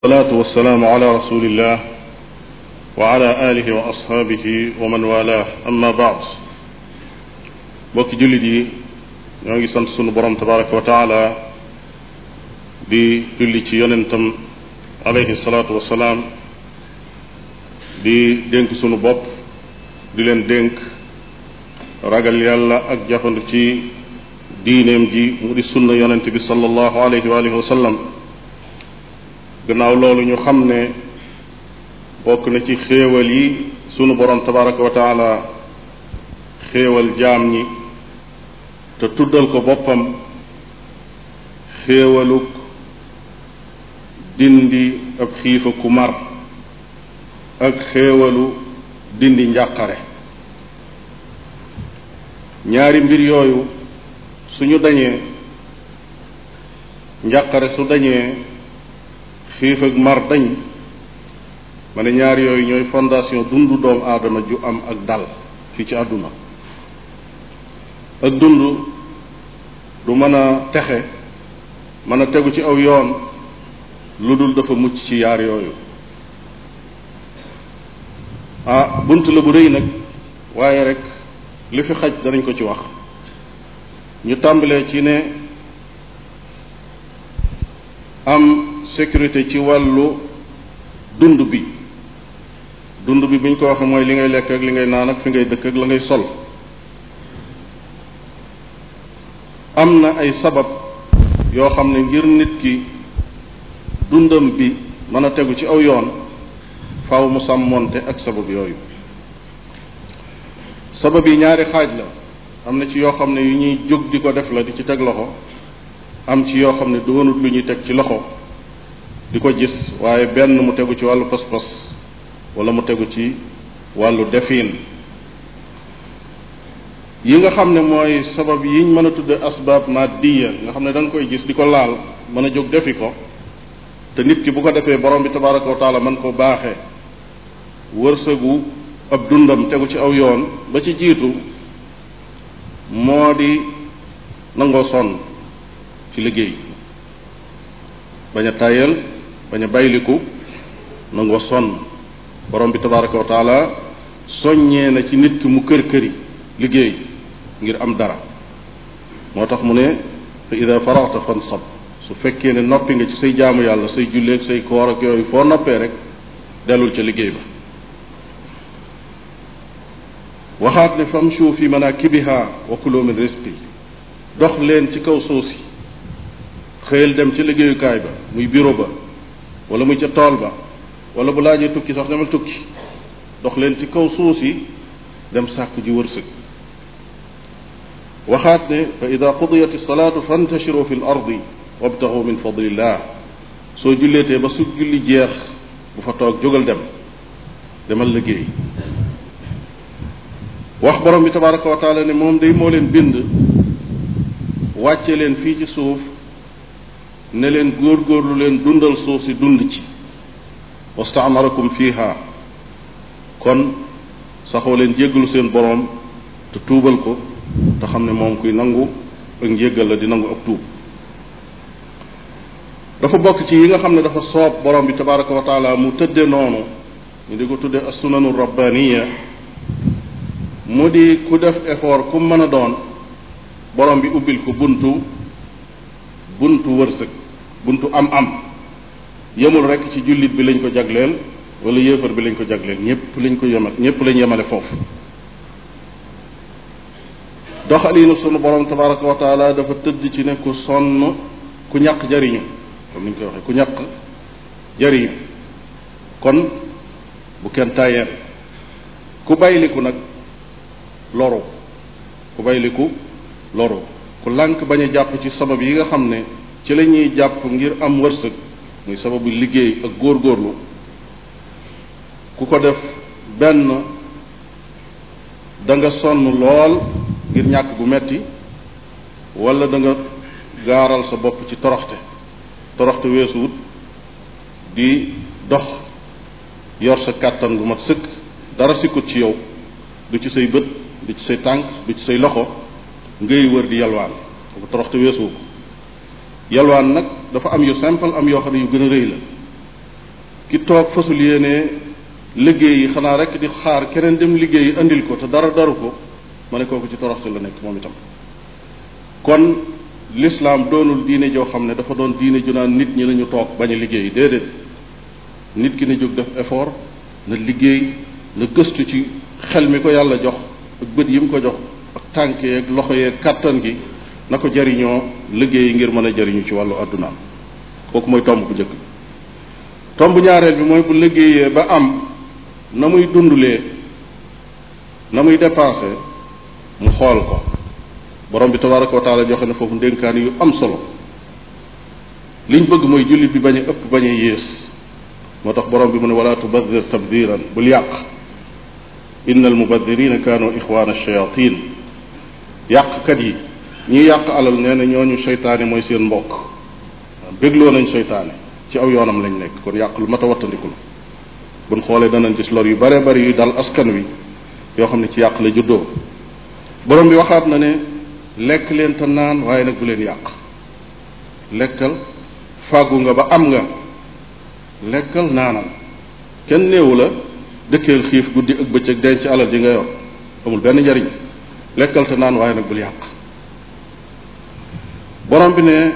salaatu wassalaamu ala rasulillah wa ala alihi wa asxaabihi wa man wala amma baad bokki jullit yi ñoo ngi sant sunu borom tabaraka wa taala di julli ci yonentam alayhi salaatu wassalaam di dénk sunu bopp di leen dénk ragal yàlla ak jafandu ci diineem ji mu di sunna yonent bi sallallahu alayhi wa alihi wa sallam gannaaw loolu ñu xam ne bokk na ci xéewal yi sunu borom tabaraka wa taala xéewal jaam ñi te tuddal ko boppam xéewaluk dindi ab xiifa ku mar ak xéewalu dindi njàqare ñaari mbir yooyu suñu dañee njàqare su dañee xiif ak mar dañ ma ne ñaar yooyu ñooy fondation dundu doomu aadama ju am ak dal fii ci àdduna ak dund du mën a texe mën a tegu ci aw yoon lu dul dafa mucc ci yaar yooyu ah bunt la bu rëy nag waaye rek li fi xaj danañ ko ci wax ñu tàmbalee ci ne am sécurité ci wàllu dund bi dund bi buñ ko waxee mooy li ngay lekk ak li ngay naan ak fi ngay dëkk ak la ngay sol am na ay sabab yoo xam ne ngir nit ki dundam bi mën a tegu ci aw yoon faaw mu sàmmoonte ak sabab yooyu sabab yi ñaari xaaj la am na ci yoo xam ne yu ñuy jóg di ko def la di ci teg loxo am ci yoo xam ne doonut lu ñuy teg ci loxo di ko gis waaye benn mu tegu ci wàllu pas-pas wala mu tegu ci wàllu defin yi nga xam ne mooy sabab yiñ mën a tudde asbaab maddiya nga xam ne da koy gis di ko laal mën a jóg defi ko te nit ki bu ko defee borom bi tabaraka wa taala man koo baaxee wërsëgu ab dundam tegu ci aw yoon ba ci jiitu moo di nangoo sonn ci liggéey bañ a tàyyal bañ a bayliku nangu wa sonn borom bi tabaraka wa taala soññee na ci nit ki mu kër këri liggéey ngir am dara moo tax mu ne fa ida faraxta fansab su fekkee ne noppi nga ci say jaamu yàlla say julleeg say koor ak yooyu foo noppee rek dellul ca liggéey ba waxaat ne famshu fi manakibiha wa kulu min risqi dox leen ci kaw suuf si xëyal dem ci liggéeyukaay ba muy bureau ba wala muy ca tool ba wala bu laajee tukki sax demal tukki dox leen ci kaw suuf si dem sàkku ji wërsëg waxaat ne fa ida qudiyat salaatu fantashiru soo julleetee ba su julli jeex bu fa toog jógal dem demal liggéey wax borom bi tabaraka wa taala ne moom day moo leen bind wàcce leen fii ci suuf ne leen góor góorgóorlu leen dundal suuf si dund ci wastaamarakum fiha kon saxoo leen jéggalu seen boroom te tuubal ko te xam ne moom kuy nangu ak njéggal la di nangu ak tuub dafa bokk ci yi nga xam ne dafa soob borom bi tabaraka wa mu tëdde noonu ñu di ko tudde sunanu rabbaniya mu di ku def effort ku mën a doon boroom bi ubbil ko buntu buntu wërsëg buntu am am yemul rek ci jullit bi lañ ko jagleel wala yéefar bi lañ ko jagleel ñëpp lañ ko yemal ñëpp lañ yemale foofu doxaliinu sunu borom tabaraka wa taala dafa tëdd ci ne ku sonn ku ñàkk jariñu comme niñ koy waxee ku ñàq jariñu kon bu kenn tàyyeel ku bayliku nag loru ku bayliku loru ku lànk bañ jàpp ci sabab yi nga xam ne ci la ñuy jàpp ngir am wërsëg muy sababu liggéey ak góorgóorlu ku ko def benn danga nga sonn lool ngir ñàkk gu metti wala da nga gaaral sa bopp ci toroxte toroxte weesuwut di dox yor sa kàttan gu mat sëkk dara sikkut ci yow du ci say bët du ci say tànk du ci say loxo ngay wër di yalwaan bu toroxte weesuwu yalwaan nag dafa am yu simple am yoo xam ne yu gën a rëy la ki toog fasul ne liggéey yi xanaa rek di xaar keneen dem liggéey indil ko te dara daru ko ma ne kooku ci toroxte la nekk moom itam kon lislaam doonul diine joo xam ne dafa doon diine ju naan nit ñi ñu toog bañ a liggéey déedéet nit ki ne jóg def effort na liggéey na gëstu ci xel mi ko yàlla jox ak bët yi mu ko jox ak tànk yeeg loxo yee kàttan gi na ko jariñoo liggéey ngir mën a jariñu ci wàllu addunaam kooku mooy tomb bu njëkk tomb ñaareel bi mooy bu liggéeyee ba am na muy dundulee na muy dépensé mu xool ko borom bi tabaraka wa taala joxe na foofu ndénkaani yu am solo liñ bëgg mooy jullit bi bañ ëpp bañ yées moo tax borom bi mu ne wala tubadir tabdiran bul yàq inna almubadirina kaanu ixwaana shayatin yàqkat yi ñi yàq alal nee na ñu seytaane mooy seen mbokk bégloo nañ seytaane ci aw yoonam lañ nekk kon yàq lu mat a wattandiku la buñ xoolee danañ gis lor yu bare bari yu dal askan wi yoo xam ne ci yàq la juddoo borom bi waxaat na ne lekk leen te naan waaye nag bu leen yàq lekkal fàggu nga ba am nga lekkal naanal kenn néewu la dëkkeel xiif guddi ak bëccëg denc alal ji nga yor amul benn njariñ lekkal te naan waaye nag bul yàq borom bi ne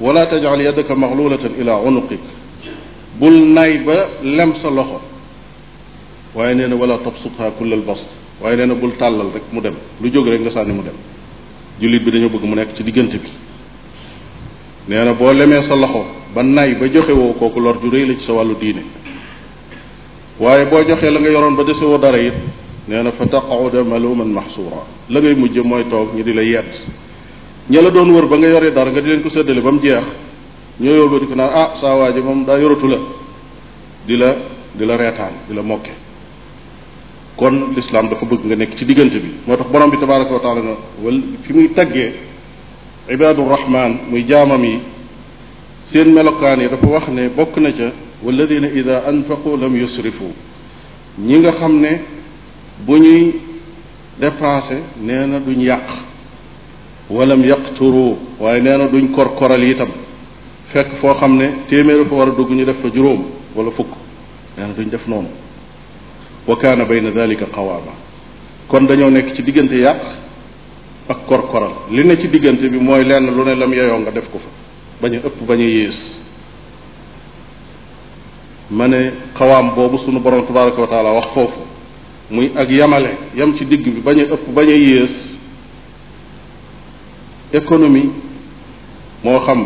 wala tajal yadaka maxlulatan ila unuqik bul nay ba lem sa loxo waaye nee na wala tabsutha kull al waaye nee na bul tàllal rek mu dem lu jóg rek nga sànni mu dem jullit bi dañu bëgg mu nekk ci diggante bi nee na boo lemee sa loxo ba nay ba joxewoo woo kooku lor ju rëy sa wàllu diine waaye boo joxee la nga yoroon ba desewoo dara it nee na fa taqauda maluman maxsuura la ngay mujj mooy toog ñu di lay yedd ña doon wër ba nga yoree dara nga di leen ko séddale ba mu jeex ñoo yóbbu di ko naan ah saa waa ji moom daa yoratu la di la di la reetaan di la mokke kon l'islam dafa bëgg nga nekk ci diggante bi moo tax borom bi tabaraka wa taala na fi muy taggee ibadu rahman muy jaamam yi seen melokaan yi dafa wax ne bokk na ca walladina ida anfaqu lam yusrifu ñi nga xam ne bu ñuy dépassé nee na duñ yàq walam yaqturu waaye nee na duñ kor koral itam fekk foo xam ne téeméer fa war a dugg ñu def fa juróom wala fukk nee duñ def noonu wa kaana bayna dalika qawaama kon dañoo nekk ci diggante yàq ak kor koral li ne ci diggante bi mooy lenn lu ne lam yeyoo nga def ko fa bañ ëpp bañ a yées ma ne xawaam boobu suñu borom tabaraka wa taala wax foofu muy ak yamale yam ci digg bi bañ ëpp bañ a yées économie moo xam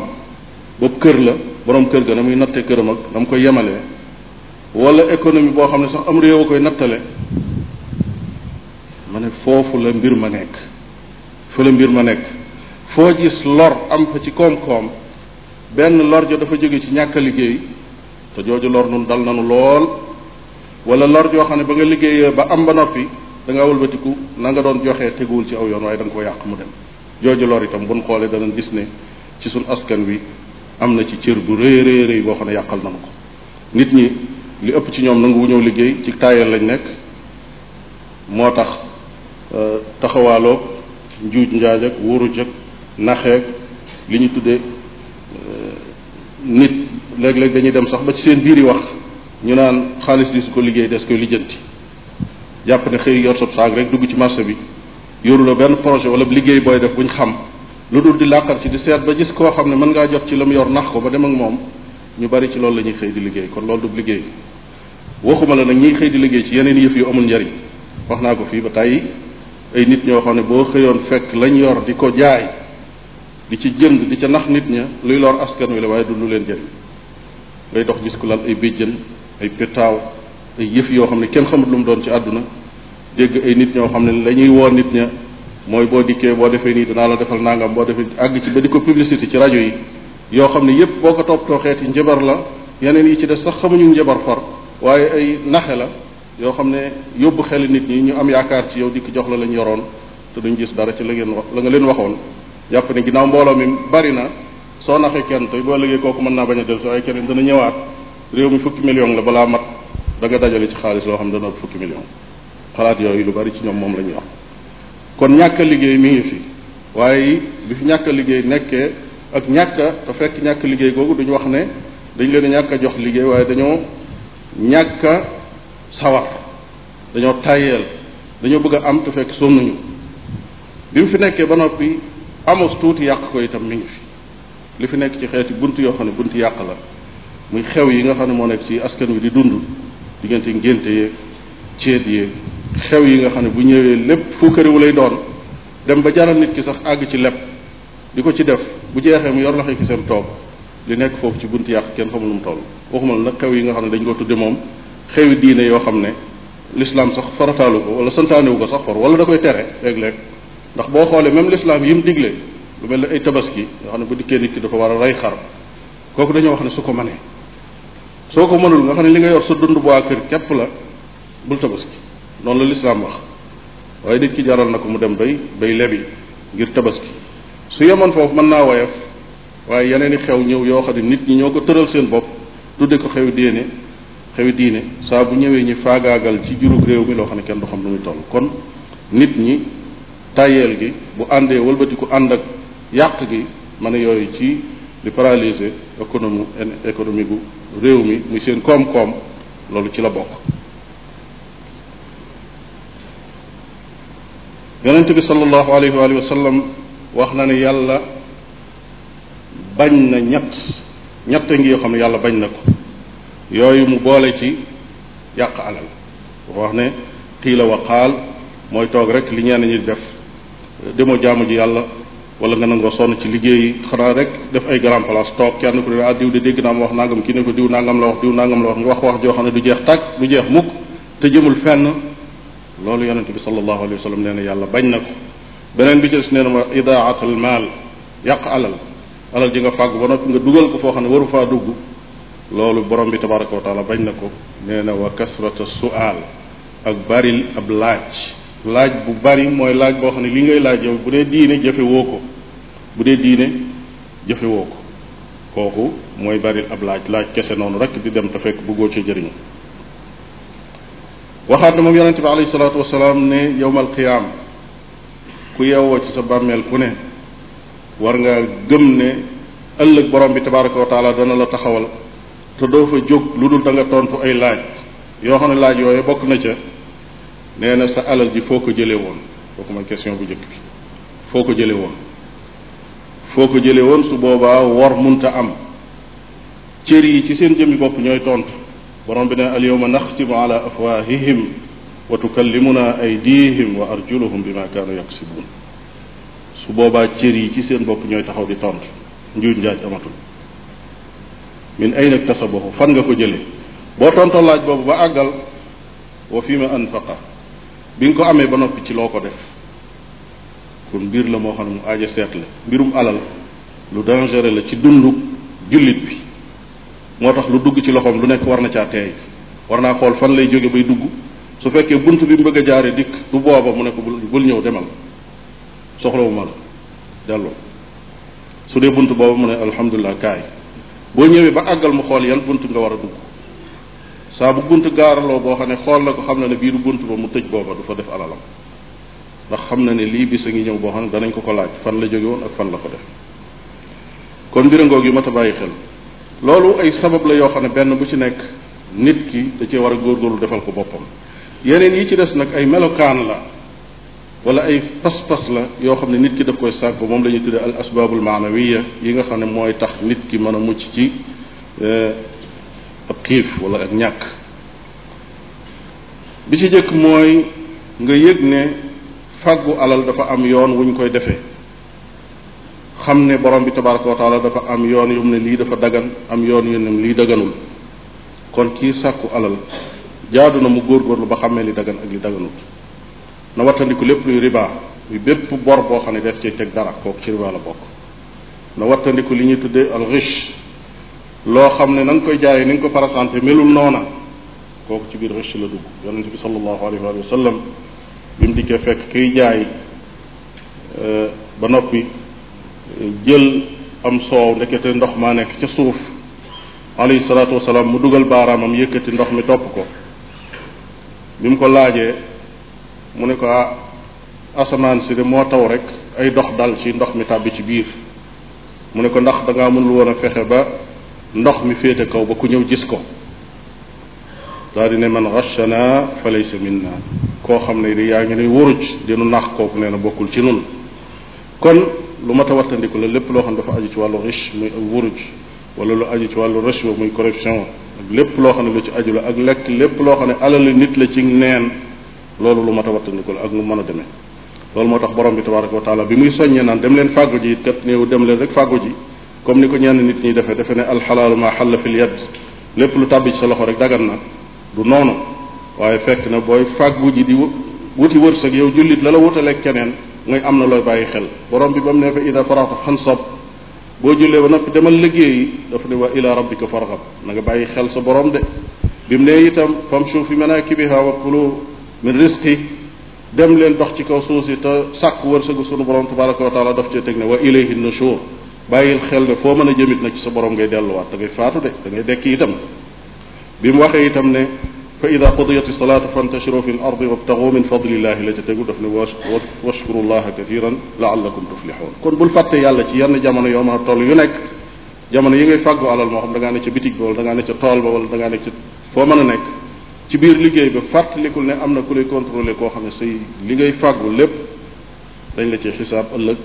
boobu kër la boroom kër ga na muy natte këram na mu koy yemalee wala économie boo xam ne sax am réew a koy nattale ma ne foofu la mbir ma nekk fa la mbir ma nekk foo gis lor am fa ci koom-koom benn lor jo dafa jóge ci ñàkk a liggéey te jooju lor nun dal nanu lool walla lor joo xam ne ba nga liggéeyee ba am ba noppi da nga wëlbatiku na nga doon joxee teguwul ci aw yoon waaye da nga ko yàq mu dem jooju lor itam buñ xoolee dana gis ne ci suñ askan bi am na ci cër bu rëy rëy rëy boo xam ne yàqal nañu ko nit ñi li ëpp ci ñoom nanguwu ñëw liggéey ci taayal lañu nekk moo tax euh, taxawaaloog njuuj njaaj ak wuruj ak naxeeg li ñu tuddee euh, nit léeg-léeg dañuy dem sax ba ci seen biir yi wax ñu naan xaalis di su ko liggéey des koy lijjanti jàpp ne xëy yor sab saag rek dugg ci marché bi yoruloo benn projet wala liggéey booy def buñ xam lu dul di làqar ci di seet ba gis koo xam ne mën ngaa jot ci la mu yor nax ko ba dem ak moom ñu bari ci loolu la ñuy xëy di liggéey kon loolu du liggéey waxuma la nag ñiy xëy di liggéey ci yeneen yëf yu amul njariñ wax naa ko fii ba tàyyi ay nit ñoo xam ne boo xëyoon fekk lañ yor di ko jaay di ci jënd di ca nax nit ña luy lor askan wi la waaye du lu leen jëriñ ngay dox gis ko lal ay béjjën ay pétaaw ay yëf yoo xam ne kenn xamut lu mu doon ci àdduna dégg ay nit ñoo xam ne la ñuy woo nit ña mooy boo dikkee boo defee nii danaa la defal nangam boo defee àgg ci ba di ko publicité ci rajo yi yoo xam ne yépp boo ko toppatoo xeeti njabar la yeneen yi ci des sax xamuñu njabar far waaye ay naxe la yoo xam ne yóbbu xel nit ñi ñu am yaakaar ci yow dikk jox la lañ yoroon te duñ gis dara ci la ngeen wax la nga leen waxoon yàpp ne ginnaaw mbooloo mi bari na soo naxee kenn te boo liggéey kooku mën naa bañ a dellusi waaye keneen dana ñëwaat réew mi fukki million la balaa mat da dajale ci xaalis loo xam ne dana ëpp fukki million xalaat yooyu lu bari ci ñoom moom la ñuy wax kon ñàkk liggéey mi ngi fi waaye bi fi ñàkk liggéey nekkee ak ñàkk a te fekk ñàkk liggéey googu duñu wax ne dañ leen ñàkk jox liggéey waaye dañoo ñàkk a sawar dañoo tàyyeel dañoo bëgg a am te fekk sonnuñu bi mu fi nekkee ba noppi amos tuuti yàq ko itam mi ngi fi li fi nekk ci xeeti bunt yoo xam ne bunt yàq la muy xew yi nga xam ne moo nekk ci askan wi di dund diggante ngénte yeeg céet yeeg xew yi nga xam ne bu ñëwee lépp fukkariwu lay doon dem ba jaral nit ki sax àgg ci lepp di ko ci def bu jeexee mu yor loxo ki seen toog li nekk foofu ci bunt yàq kenn xamul nu mu toll waxuma nag xew yi nga xam ne dañ ko tudde moom xewi diine yoo xam ne l'islam sax farataalu ko wala santaanewu ko sax far wala da koy tere léeg-léeg ndax boo xoolee même l'islam yi mu digle lu mel ne ay tabaski yoo xam ne bu dikkee nit ki dafa war a rey xar kooku dañoo wax ne su ko mënee soo ko mënul nga xam ne li nga yor sa dund bu waa képp la bul tabaski noonu la lislaam wax waaye nit ki jaral na ko mu dem bay bay lebi ngir tabaski su yemoon foofu mën naa woyof waaye yeneen i xew ñëw yoo xam ne nit ñi ñoo ko tëral seen bopp tudde ko xewi diine xewi diine saa bu ñëwee ñi faagaagal ci jurug réew mi loo xam ne kenn du xam lu muy toll kon nit ñi tayeel gi bu àndee wëlbatiku ànd ak yàq gi mën a yooyu ci li paralyser économie économie bu réew mi muy seen koom-koom loolu ci la bokk yonent bi sallallahu alayhi wa alihi wa sallam wax na ne yàlla bañ na ñett ñett ngi yoo xam ne yàlla bañ na ko yooyu mu boole ci yàq alal dafa wax ne xiila wa xaal mooy toog rek li ñenn ñi def demoo jaamu ji yàlla wala nga nangoo sonn ci liggéey liggéeyi xanaa rek def ay grand place toog kenn ku ne ah diw de dégg naa ma wax nangam kii ne ko diw nangam la wax diw nangam la wax nga wax wax joo xam ne du jeex tàkk du jeex mukk te jëmul fenn loolu yonente bi sallallahu alayhi wa sallam nee na yàlla na beneen bi ci des na ma idaatul maal yàq alal alal ji nga fàgg ba noppi nga dugal ko foo xam ne waru faa dugg loolu borom bi tabaraka wa taala bañ na ko nee na wa kasrata suaal ak baril ab laaj laaj bu bari mooy laaj boo xam ne li ngay laaj yow bu dee diine jëfe woo ko bu dee diine jëfe woo ko kooku mooy bari ab laaj laaj kese noonu rek di dem te fekk bëggoo ci jëriñ waxaat na moom yonente bi alayhi salaatu wasalaam ne yowmal qiyaam ku yeewoo ci sa bàmmeel ku ne war nga gëm ne ëllëg borom bi tabaraka wa taala dana la taxawal te doo fa jóg lu dul da tontu ay laaj yoo xam ne laaj yooyu bokk na ca nee na sa alal ji foo ko woon kooku mooy question bu njëkk bi foo ko jëlee woon foo ko jëlee woon su boobaa war munta am cër yi ci seen jëmmi bopp ñooy tontu. borom bi ne alyawma naxtimu ala afwaahihim wa tukallimuna aydihim wa arjuluhum bima kaanu yaksibuun su boobaa cër yi ci seen bopp ñooy taxaw di tontu njuuj njaaj amatul min ayna iktasabahu fan nga ko jëlee boo tontoo laaj boobu ba àggal wa fi anfaqa bi nga ko amee ba noppi ci loo ko def kon mbir la moo xam ne mu aaja seetle mbirum alal lu dangereux la ci dundu jullit bi moo tax lu dugg ci loxoom lu nekk war na caa teey war naa xool fan lay jóge bay dugg su fekkee bunt bi mu bëgg a jaare dikk du booba mu ne ko bul bul ñëw demal soxlawuma la delloo su dee bunt booba mu ne alhamdulilah kaay boo ñëwee ba àggal mu xool yan bunt nga war a dugg saa bu bunt gaaraloo boo xam ne xool na ko xam na ne bii du bunt ba mu tëj booba du fa def alalam ndax xam na ne lii bi a ngi ñëw boo xam ne danañ ko ko laaj fan la jóge woon ak fan la ko def kon mbir ngoog yu mat a bàyyi loolu ay sabab la yoo xam ne benn bu ci nekk nit ki da cee war a góorgóorlu defal ko boppam yeneen yi ci des nag ay melokaan la wala ay pas-pas la yoo xam ne nit ki daf koy sàkk moom la ñuy tuddee al asbaabul maanawiya yi nga xam ne mooy tax nit ki mën a mucc ci eh, ab wala ñàkk bi ci jëkk mooy nga yëg ne fàggu alal dafa am yoon wu ñu koy defee xam ne borom bi tabaraka wa dafa am yoon yum ne lii dafa dagan am yoon yu ne lii daganul kon kii sàkku alal jaadu na mu góor góorgóorlu ba xamee li dagan ak li daganut na wattandiku lépp luy ribaa muy bépp bor boo xam ne def ci teg dara kooku ci riba la bokk na wattandiku li ñuy tuddee al riche loo xam ne na koy jaayee ni nga ko parasante melul noona kooku ci biir riche la dugg yonente bi sallallahu alayhi wa sallam bi mu dikkee fekk kiy jaay euh, ba noppi jël am soow ndekete ndox maa nekk ca suuf alayhi salaatu wasalaam mu dugal baaraamam yëkkati ndox mi topp ko bi mu ko laajee mu ne ko ah asamaan si de moo taw rek ay dox dal ci ndox mi tàbbi ci biir mu ne ko ndax da ngaa mënul woon a fexe ba ndox mi féete kaw ba ku ñëw gis ko daal di ne man rachana fa laysa minna koo xam ne di yaa ngi ne wuruj dinu nax kooku nee na bokkul ci nun kon lu mat a wattandiku la lépp loo xam dafa aju ci wàllu riche muy ak wuruj wala lu aju ci wàllu rëchwa muy corruption lépp loo xam ne lu ci aju la ak lekk lépp loo xam ne alali nit la ci neen loolu lu mat a wattandiku la ak nu mën a demee loolu moo tax borom bi tabaraka wa taala bi muy soññee naan dem leen fàggu ji it kat néew dem leen rek fàggu comme ni ko ñenn nit ñi defee defe ne alxalaalu ma xalla fil yad lépp lu tàbbi sa loxo rek dagan na du noonu waaye fekk na booy fàggu ji di wuti wërsëg yow jullit la la wutaleeg keneen mooy am na looy bàyyi xel boroom bi ba mu ne fa ida faraxta fansab boo jullee ba noppi demal liggéeyi dafa ne wa ila ko farxab na nga bàyyi xel sa borom de bi mu ne itam famshu fi manakibiha wa kulu min rizqi dem leen dox ci kaw suuf si te sàkk sa sunu borom tabaraka wa taala daf cee teg ne wa ilayhi nushur bàyyil xel ne foo mën a jëmit na ci sa borom ngay delluwaat da ngay faatu de da ngay dekk itam bi mu waxee itam fa ida qudiyat salaata fantashiru fi lardi wabtagu min fadlillahi la ca tegu daf ne washkuru llaha kathiran laallakum tuflixuun kon bul fàtte yàlla ci yenn jamono yoo ma toll yu nekk jamono yi ngay fàggu alal moo xam da ngaa ne ca bitig ba wala da ngaa ne ca tool ba wala da ngaa ne ca foo mën a nekk ci biir liggéey ba fàttalikul ne am na ku lay contrôler koo xam ne say li ngay fàggu lépp dañ la ci xisaab ëllëg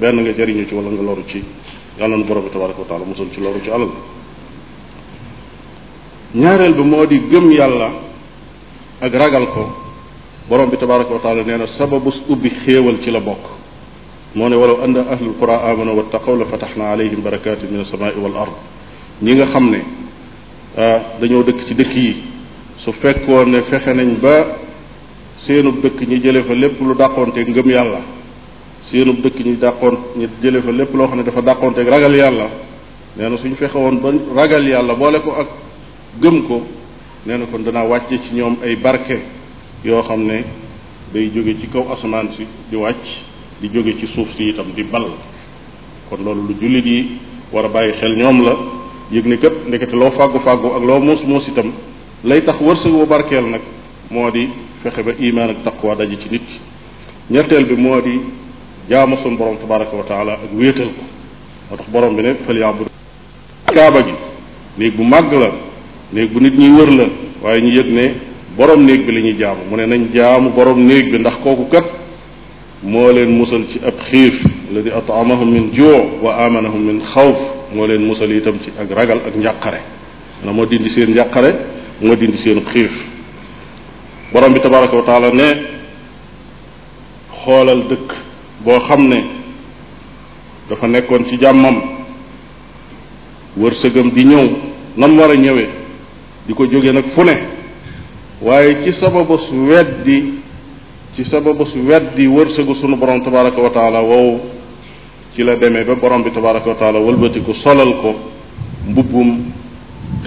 benn nga jëriñu ci wala nga loru ci yàlla na borom bi tabaraka wa taala musul ci loru ci alal ñaareel bi moo di gëm yàlla ak ragal ko borom bi tabaraka wa taala nee na sababus ubbi xéewal ci la bokk moo ne walaw anna ahlul qura amanu wattaqaw la fataxna alayhim barakatin min alsamaai wal ard ñi nga xam ne ah, dañoo dëkk ci dëkk yi su fekkoon fexe nañ ba seenub dëkk ñi jële fa lépp lu dàqoonte ngëm yàlla seenub dëkk ñi dàqoon ñi jële fa lépp loo xam ne dafa dàqoonte ragal yàlla nee suñ fexe woon ba ragal yàlla boole ko ak gëm ko nee na kon danaa wàcce ci ñoom ay barke yoo xam ne day jóge ci kaw asamaan si di wàcc di jóge ci suuf si itam di ball kon loolu lu jullit yi war a bàyyi xel ñoom la yëg ne kat ndekete loo fàggu fàggu ak loo muus muus itam lay tax wërsëg wu barkeel nag moo di fexe ba imaan ak taqwa daje ci nit ñetteel bi moo di jaamu sun borom tabaraka wa ak wéetal ko moo tax borom bi ne fal yaabudu kaaba gi néeg bu màgg la néeg bu nit ñi wër la waaye ñu yëg ne borom néeg bi la ñuy jaamu mu ne nañ jaamu borom néeg bi ndax kooku kat moo leen musal ci ab xiif alladi atamahum min juu wa amanahum min xawf moo leen musal itam ci ak ragal ak njàqare na moo dindi seen njàqare moo dindi seen xiif borom bi tabaraka wa taala ne xoolal dëkk boo xam ne dafa nekkoon ci jàmmam wërsëgam di ñëw nam war a ñëwee di ko jóge nag fu ne waaye ci sababus weddi ci sababus weddi wërsëgu sunu borom tabaraka wa taala wow ci la demee ba borom bi tabaraka wa taala wëlbatiku solal ko mbubbum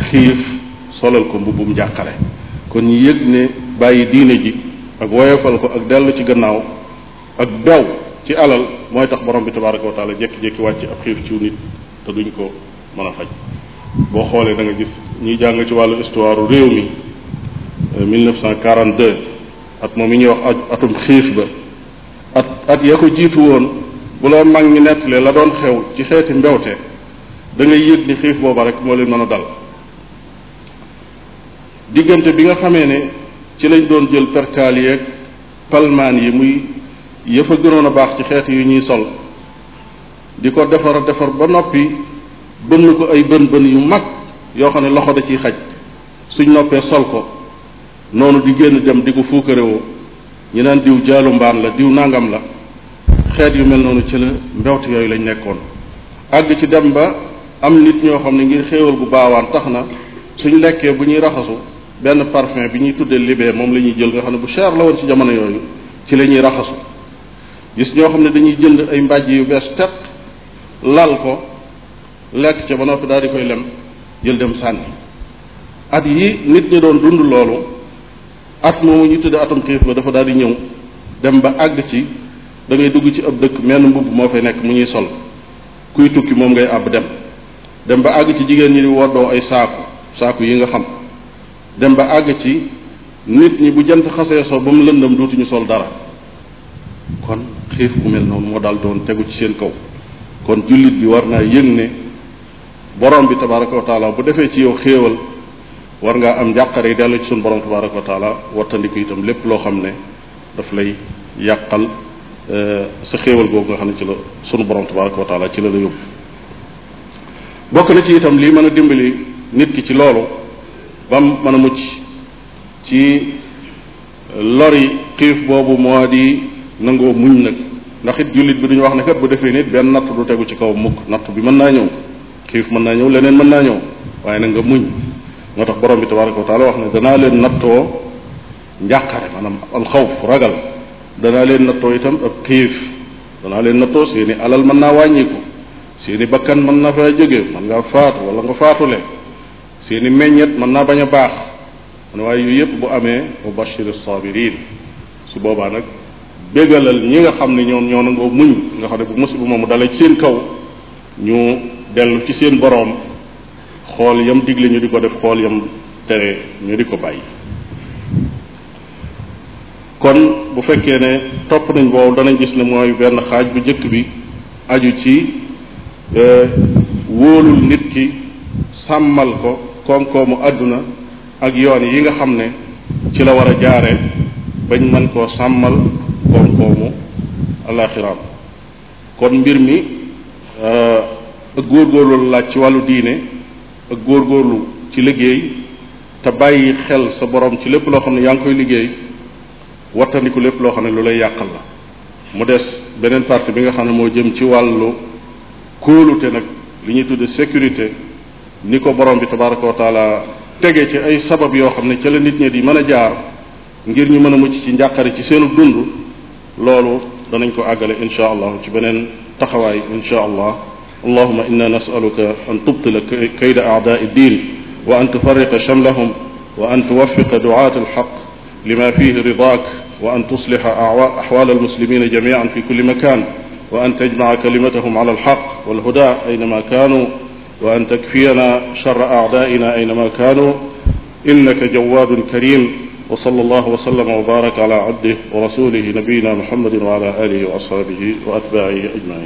xiif solal ko mbubbum njàqare kon ñu ne bàyyi diine ji ak woyofal ko ak dellu ci gannaaw ak daw ci alal mooy tax borom bi tabaraka wa taala jékki-jékki wàcc ab xiif ciw nit te duñ ko mën a faj boo xoolee da nga gis ñuy jàng ci wàllu histoire réew mi 1942 euh, at moom mi ñuy wax atum xiif ba at at ya ko jiitu woon bu la mag ñi nettalee la doon xew ci xeeti mbewte da ngay yëg ni xiif booba rek moo leen mën a dal diggante bi nga xamee ne ci lañ doon jël perkaal yeeg palmaan yi muy yëfa gënoon a baax ci xeet yu ñuy sol di ko defar defar ba noppi bënn ko ay bën bën yu mag yoo xam ne loxo da ciy xaj suñ noppee sol ko noonu di génn dem di ko fuukarewoo ñu naan diw jaalu mbaam la diw nangam la xeet yu mel noonu ci la mbewte yooyu lañ nekkoon àgg ci dem ba am nit ñoo xam ne ngir xéewal gu baawaan tax na suñu lekkee bu ñuy raxasu benn parfum bi ñuy tuddee libee moom la ñuy jël nga xam ne bu cher la woon ci jamono yooyu ci lañuy ñuy raxasu gis ñoo xam ne dañuy jënd ay mbàjj yu bees teq lal ko lekk ca ba noppi daal di koy lem jël dem sànni at yi nit ñi doon dund loolu at moomu ñu tudde atum xiif la dafa daal di ñëw dem ba àgg ci da dugg ci ab dëkk menn mbubb moo fa nekk mu ñuy sol kuy tukki moom ngay àbb dem dem ba àgg ci jigéen ñi di woddoo ay saaku saaku yi nga xam dem ba àgg ci nit ñi bu jant xasee soo ba mu lëndam dootuñu sol dara kon xiif ku mel noonu moo daal doon tegu ci seen kaw kon jullit bi war naa yëg ne borom bi tabaraka wa taala bu defee ci yow xéewal war nga am jàqare yi dellu ci suñu borom tabaraka wa taala itam lépp loo xam ne daf lay yàqal eh, sa xéewal boobu nga xam ne ci la sunu borom tabaraka wa ci la la yóbbu bokk na ci itam lii mën a dimbali nit ki ci loolu bam mën a mucc ci lori xiif boobu moo di nangoo muñ nag ndax it jullit bi duñu wax ne kat bu defee nit benn natt du tegu ci kaw mukk natt bi mën naa ñëw xiif mën naa ñëw leneen mën naa ñëw waaye na nga muñ moo tax borom bi tabaraka wa taala wax ne danaa leen nattoo njàqare maanaam alxawf ragal danaa leen nattoo itam ab xiif danaa leen nattoo seeni alal man naa wàññiku seeni bakkan man naa faa jóge mën ngaa faatu wala nga faatule seeni meññet mën naa bañ a baax man waaye yooyu yëpp bu amee wa bashir sabirin su boobaa nag bégalal ñi nga xam ne ñoom ñoo nangoo muñ nga xam ne bu musiba moomu dalee ci seen kaw dellu ci seen boroom xool yam digle ñu di ko def xool yam tere ñu di ko bàyyi kon bu fekkee ne topp nañ boobu danañ gis ne mooy benn xaaj bu njëkk bi aju ci e, wóolul nit ki sàmmal ko koom-koomu àdduna ak yoon yi nga xam ne ci la war a jaare bañ mën koo sàmmal koom-koomu alaxiraam kon mbir mi e, ak góorgóorlu la laaj ci wàllu diine ak góorlu ci liggéey te bàyyi xel sa borom ci lépp loo xam ne yaa ngi koy liggéey wattandiku lépp loo xam ne lu lay yàqal la mu des beneen partie bi nga xam ne moo jëm ci wàllu kóolute nag li ñuy tudde sécurité ni ko borom bi tabaraka wa taala tege ci ay sabab yoo xam ne ca la nit ñi di mën a jaar ngir ñu mën a mucc ci njàqare ci seenu dund loolu danañ ko àggale incha allah ci beneen taxawaay incha allah allahuma inna nasaluka an tubtila kayda aadaai ddin wa an tufariqa shamlahum wa an tuwaffiqa duaat alxaq lima fihi ridaak wa an tuslixa axwaal almuslimina jamian fi kulli makan wa an tajmaca kalimatahum ala alxaq walhuda aynama kaanu wa an takfiyana shara aadaina aynama kaanu innaka jawaadun karim wa sallallahu wa sallama wa baraka ala abdihi wa rasulihi nabiyina muhammadin wa ala alihi wa ashabihi wa atbaihi ajmain